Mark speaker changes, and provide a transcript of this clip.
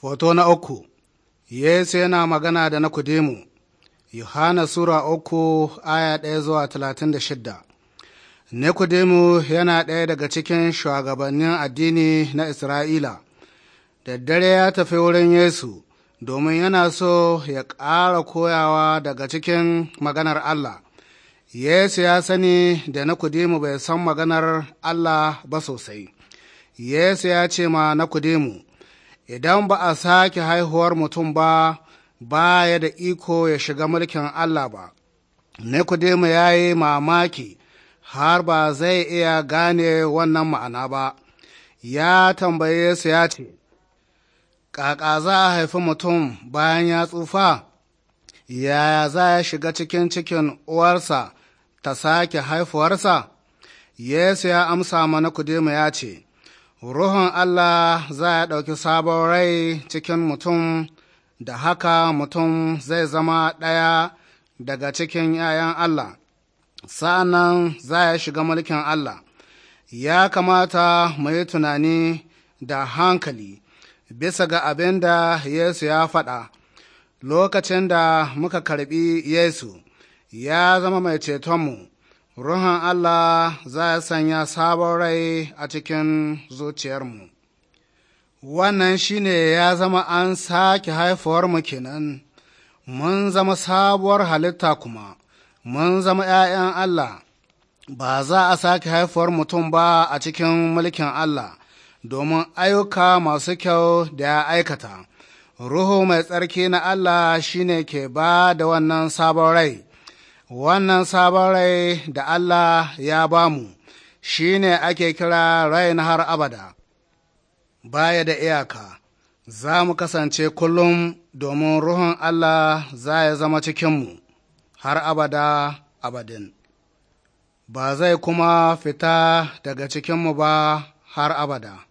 Speaker 1: Foto na uku Yesu yana magana da Nakudemu, Yohana Sura uku aya ɗaya zuwa talatin da shidda. Nikudemu yana ɗaya daga cikin shugabannin addini na Isra'ila, Daddare ya tafi wurin Yesu domin yana so ya ƙara koyawa daga cikin maganar Allah. Yesu ya sani da Nikudemu bai san maganar Allah ba sosai. Yesu ya ce ma Nikudemu, idan ba a sake haihuwar mutum ba ba ya da iko ya shiga mulkin Allah ba. Nikodemu ya yi mamaki har ba zai iya gane wannan ma'ana ba, ya tambaye su ya ce, Ƙaƙa za a haifi mutum bayan ya tsufa, yaya za ya shiga cikin cikin uwarsa ta sake haifuwarsa? Yesu ya amsa mana Nikodemu ya ce, ruhun Allah za ya ɗauki sabon rai cikin mutum, da haka mutum zai zama ɗaya daga cikin ‘ya'yan Allah, sa'an za ya shiga mulkin Allah. Ya kamata mu yi tunani da hankali bisa ga abin da Yesu ya faɗa. Lokacin da muka karɓi Yesu, ya zama mai cetonmu. Ruhun Allah za ya sanya sabon rai a cikin zuciyarmu. Wannan shi ne ya zama an sake haifuwarmu kenan, mun zama sabuwar halitta kuma, mun zama ‘ya'yan Allah, ba za a sake haifuwar mutum ba a cikin mulkin Allah, domin ayyuka masu kyau da ya aikata. Ruhu mai tsarki na Allah shi ne ke ba da wannan sabon rai. wannan sabon rai da Allah ya bamu shi ne ake kira rai na har abada, baya da iyaka, za mu kasance kullum domin Ruhun Allah za ya zama cikinmu har abada abadin, ba zai kuma fita daga cikinmu ba har abada.